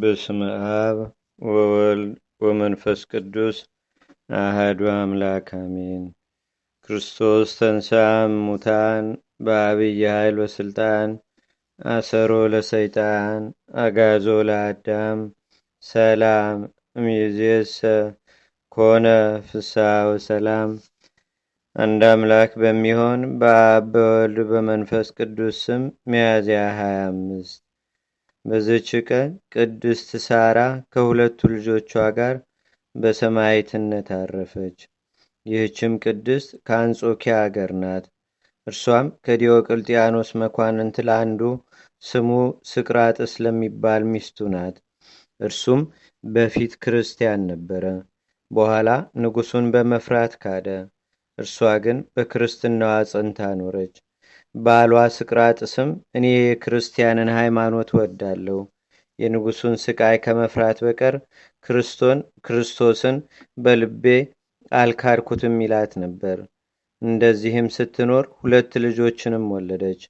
በስመ አብ ወወልድ ወመንፈስ ቅዱስ አህዱ አምላክ አሜን። ክርስቶስ ተንሳም ሙታን በአብይ ኃይል ወስልጣን አሰሮ ለሰይጣን አጋዞ ለአዳም ሰላም ሚዜሰ ኮነ ፍስሐ ወሰላም። አንድ አምላክ በሚሆን በአብ በወልድ በመንፈስ ቅዱስ ስም ሚያዝያ 25 በዚህች ቀን ቅድስት ሳራ ከሁለቱ ልጆቿ ጋር በሰማይትነት አረፈች። ይህችም ቅድስት ከአንጾኪያ አገር ናት። እርሷም ከዲዮቅልጥያኖስ መኳንንት ለአንዱ ስሙ ስቅራጥስ ለሚባል ሚስቱ ናት። እርሱም በፊት ክርስቲያን ነበረ። በኋላ ንጉሱን በመፍራት ካደ። እርሷ ግን በክርስትናዋ ጽንታ ኖረች። ባሏ ስቅራጥስም እኔ የክርስቲያንን ሃይማኖት ወዳለሁ፣ የንጉሱን ስቃይ ከመፍራት በቀር ክርስቶስን በልቤ አልካድኩትም ይላት ነበር። እንደዚህም ስትኖር ሁለት ልጆችንም ወለደች።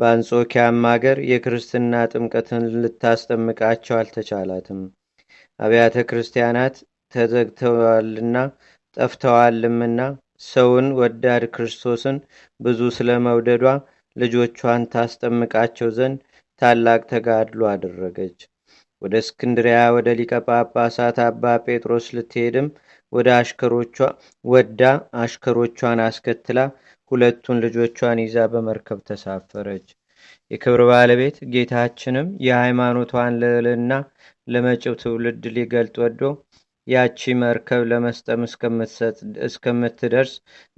በአንጾኪያም አገር የክርስትና ጥምቀትን ልታስጠምቃቸው አልተቻላትም፣ አብያተ ክርስቲያናት ተዘግተዋልና ጠፍተዋልምና ሰውን ወዳድ ክርስቶስን ብዙ ስለ መውደዷ ልጆቿን ታስጠምቃቸው ዘንድ ታላቅ ተጋድሎ አደረገች። ወደ እስክንድሪያ ወደ ሊቀ ጳጳሳት አባ ጴጥሮስ ልትሄድም ወደ አሽከሮቿ ወዳ አሽከሮቿን አስከትላ ሁለቱን ልጆቿን ይዛ በመርከብ ተሳፈረች። የክብር ባለቤት ጌታችንም የሃይማኖቷን ልዕልና ለመጭው ትውልድ ሊገልጥ ወዶ ያቺ መርከብ ለመስጠም እስከምትደርስ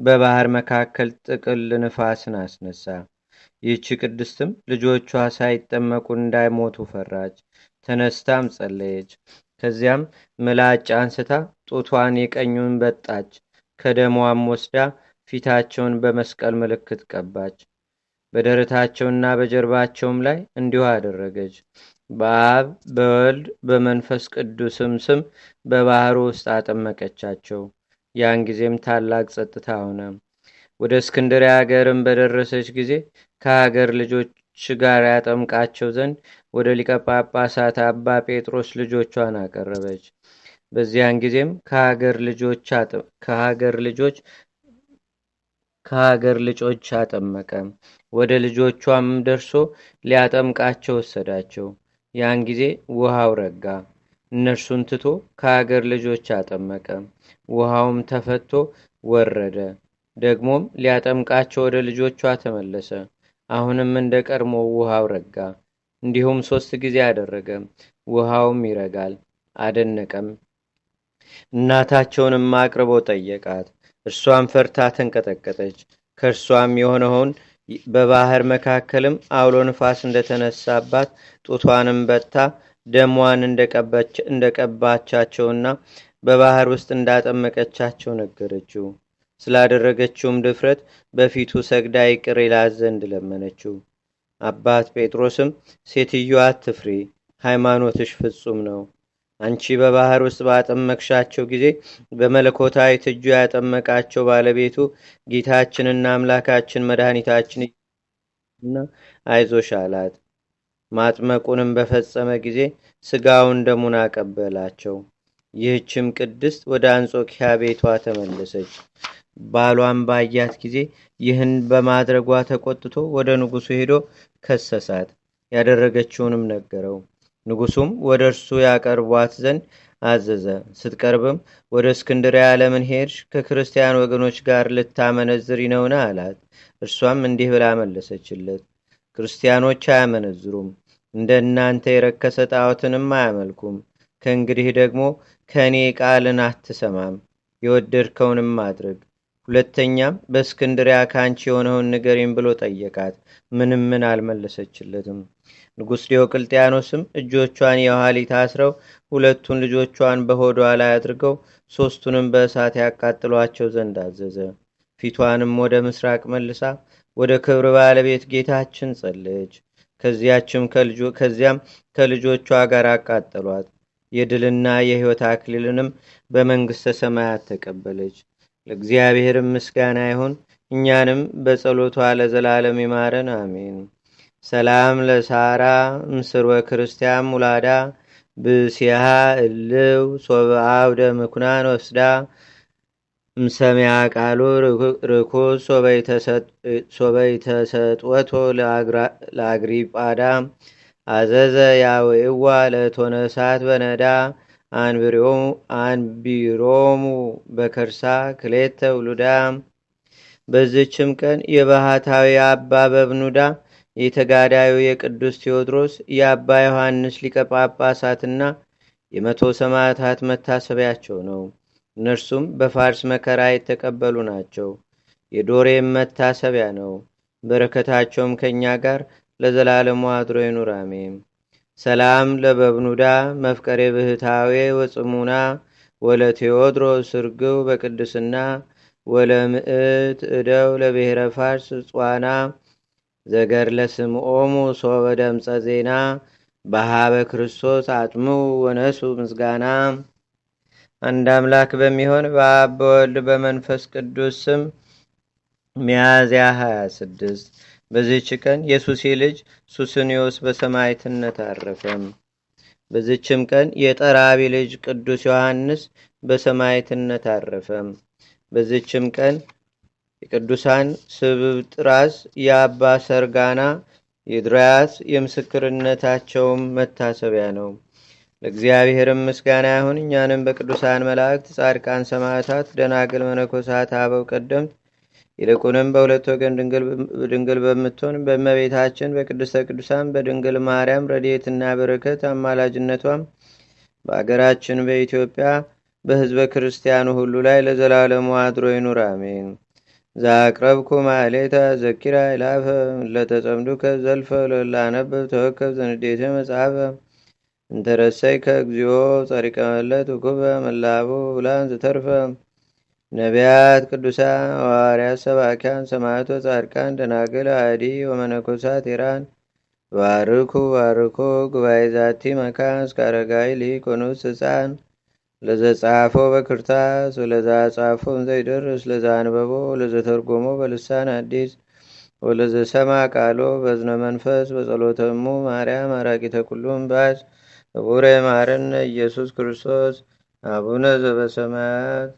በባህር መካከል ጥቅል ንፋስን አስነሳ። ይህቺ ቅድስትም ልጆቿ ሳይጠመቁ እንዳይሞቱ ፈራች። ተነስታም ጸለየች። ከዚያም ምላጭ አንስታ ጡቷን የቀኙን በጣች። ከደሟም ወስዳ ፊታቸውን በመስቀል ምልክት ቀባች። በደረታቸውና በጀርባቸውም ላይ እንዲሁ አደረገች። በአብ በወልድ በመንፈስ ቅዱስም ስም በባህሩ ውስጥ አጠመቀቻቸው። ያን ጊዜም ታላቅ ጸጥታ ሆነ። ወደ እስክንድርያ አገርም በደረሰች ጊዜ ከሀገር ልጆች ጋር ያጠምቃቸው ዘንድ ወደ ሊቀ ጳጳሳት አባ ጴጥሮስ ልጆቿን አቀረበች። በዚያን ጊዜም ከሀገር ልጆች ከሀገር ልጆች አጠመቀ። ወደ ልጆቿም ደርሶ ሊያጠምቃቸው ወሰዳቸው። ያን ጊዜ ውሃው ረጋ፣ እነርሱን ትቶ ከአገር ልጆች አጠመቀ። ውሃውም ተፈቶ ወረደ። ደግሞም ሊያጠምቃቸው ወደ ልጆቿ ተመለሰ። አሁንም እንደ ቀድሞ ውሃው ረጋ። እንዲሁም ሶስት ጊዜ አደረገ። ውሃውም ይረጋል። አደነቀም። እናታቸውንም አቅርቦ ጠየቃት። እርሷም ፈርታ ተንቀጠቀጠች። ከእርሷም የሆነውን በባህር መካከልም አውሎ ንፋስ እንደተነሳባት ጡቷንም በታ ደሟን እንደቀባቻቸውና በባህር ውስጥ እንዳጠመቀቻቸው ነገረችው። ስላደረገችውም ድፍረት በፊቱ ሰግዳ ይቅር ይላት ዘንድ ለመነችው። አባት ጴጥሮስም ሴትዮ አትፍሪ፣ ሃይማኖትሽ ፍጹም ነው አንቺ በባህር ውስጥ ባጠመቅሻቸው ጊዜ በመለኮታዊት እጁ ያጠመቃቸው ባለቤቱ ጌታችንና አምላካችን መድኃኒታችን እና አይዞሽ አላት። ማጥመቁንም በፈጸመ ጊዜ ስጋውን ደሙን አቀበላቸው። ይህችም ቅድስት ወደ አንጾኪያ ቤቷ ተመለሰች። ባሏን ባያት ጊዜ ይህን በማድረጓ ተቆጥቶ ወደ ንጉሱ ሄዶ ከሰሳት፣ ያደረገችውንም ነገረው። ንጉሱም ወደ እርሱ ያቀርቧት ዘንድ አዘዘ። ስትቀርብም ወደ እስክንድርያ ለምን ሄድሽ? ከክርስቲያን ወገኖች ጋር ልታመነዝር ይነውነ አላት። እርሷም እንዲህ ብላ መለሰችለት፣ ክርስቲያኖች አያመነዝሩም፣ እንደ እናንተ የረከሰ ጣዖትንም አያመልኩም። ከእንግዲህ ደግሞ ከእኔ ቃልን አትሰማም፣ የወደድከውንም አድርግ። ሁለተኛም በእስክንድሪያ ካንቺ የሆነውን ንገሪን ብሎ ጠየቃት። ምንም ምን አልመለሰችለትም። ንጉሥ ዲዮቅልጥያኖስም እጆቿን የኋሊት አስረው ሁለቱን ልጆቿን በሆዷ ላይ አድርገው ሦስቱንም በእሳት ያቃጥሏቸው ዘንድ አዘዘ። ፊቷንም ወደ ምስራቅ መልሳ ወደ ክብር ባለቤት ጌታችን ጸለች። ከዚያችም ከዚያም ከልጆቿ ጋር አቃጠሏት። የድልና የሕይወት አክሊልንም በመንግሥተ ሰማያት ተቀበለች። ለእግዚአብሔርም ምስጋና ይሁን። እኛንም በጸሎቷ ለዘላለም ይማረን፣ አሜን። ሰላም ለሳራ ምስር ክርስቲያን ሙላዳ ብሲሃ እልው ሶብአብ ደምኩናን ወስዳ ምሰሚያ ቃሉ ርኩስ ሶበይተሰጥወቶ ለአግሪጳዳ አዘዘ ያውእዋ ለቶነሳት በነዳ አንቢሮሙ በከርሳ ክሌተ ውሉዳ በዝችም ቀን የባህታዊ አባ በብኑዳ የተጋዳዩ የቅዱስ ቴዎድሮስ የአባ ዮሐንስ ሊቀ ጳጳሳትና የመቶ ሰማዕታት መታሰቢያቸው ነው። እነርሱም በፋርስ መከራ የተቀበሉ ናቸው። የዶሬም መታሰቢያ ነው። በረከታቸውም ከእኛ ጋር ለዘላለሙ አድሮ ይኑራሜ ሰላም ለበብኑዳ መፍቀሬ ብህታዌ ወፅሙና ወለ ቴዎድሮስ እርግው በቅድስና ወለ ምዕት እደው ለብሔረ ፋርስ ጽዋና ዘገድለ ኦሙ ሶበ ደምፀ ዜና በሃበ ክርስቶስ አጥሙ ወነሱ ምስጋና አንድ አምላክ በሚሆን በአብ በወልድ በመንፈስ ቅዱስ ስም ሚያዝያ 26 በዚች ቀን የሱሲ ልጅ ሱስኒዮስ በሰማይትነት አረፈም። በዚችም ቀን የጠራቢ ልጅ ቅዱስ ዮሐንስ በሰማይትነት አረፈም። በዚችም ቀን የቅዱሳን ስብጥራስ የአባ ሰርጋና የድራያስ የምስክርነታቸውም መታሰቢያ ነው። ለእግዚአብሔርም ምስጋና ይሁን። እኛንም በቅዱሳን መላእክት፣ ጻድቃን፣ ሰማዕታት፣ ደናግል፣ መነኮሳት፣ አበው ቀደምት ይልቁንም በሁለት ወገን ድንግል በምትሆን በመቤታችን በቅድስተ ቅዱሳን በድንግል ማርያም ረድኤትና በረከት አማላጅነቷም በአገራችን በኢትዮጵያ በህዝበ ክርስቲያኑ ሁሉ ላይ ለዘላለሙ አድሮ ይኑር፣ አሜን። ዛቅረብኩ ማሌታ ዘኪራ ይላፈ ለተጸምዱከ ዘልፈ ለላነብብ ተወከብ ዘንዴተ መጽሐፈ እንተረሰይ ከእግዚኦ ጸሪቀ መለት ውኩበ መላቡ ብላን ዝተርፈ ነቢያት ቅዱሳን ዋርያት ሰባኪያን ሰማዕቶ ጻድቃን ደናግል አዲ ወመነኮሳት ኢራን ባርኩ ባርኩ ጉባኤ ዛቲ መካን እስካረጋይ ሊቆኑስ ህፃን ለዘጻፎ በክርታስ ወለዛ ጻፈው ዘይደርስ ለዛ አንበቦ ለዘተርጎሞ በልሳን አዲስ ወለዘሰማ ቃሎ በዝነ መንፈስ በጸሎተሙ ማርያም አራቂተ ኩሉም ባዝ ቡሬ ማረነ ኢየሱስ ክርስቶስ አቡነ ዘበሰማያት